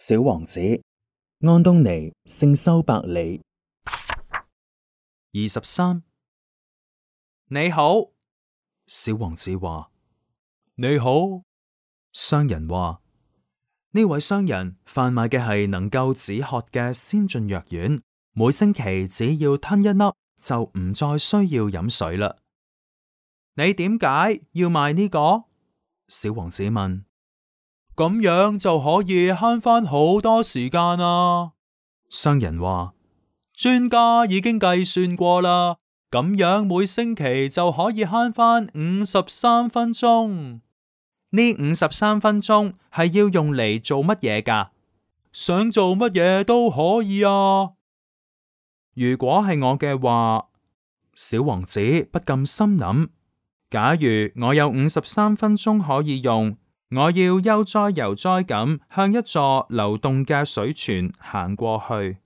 23. 好小王子安東尼聖修伯里二十三。你好，小王子話：你好，商人話呢位商人販賣嘅係能夠止渴嘅先進藥丸，每星期只要吞一粒就唔再需要飲水啦。你點解要賣呢個？小王子問。咁樣就可以慳翻好多時間啦，啊。商人話專家已經計算過啦，咁樣每星期就可以慳翻五十三分鐘。呢五十三分鐘係要用嚟做乜嘢噶？想做乜嘢都可以啊。如果係我嘅話，小王子不禁心諗：假如我有五十三分鐘可以用，我要悠哉悠哉咁向一座流動嘅水泉行過去。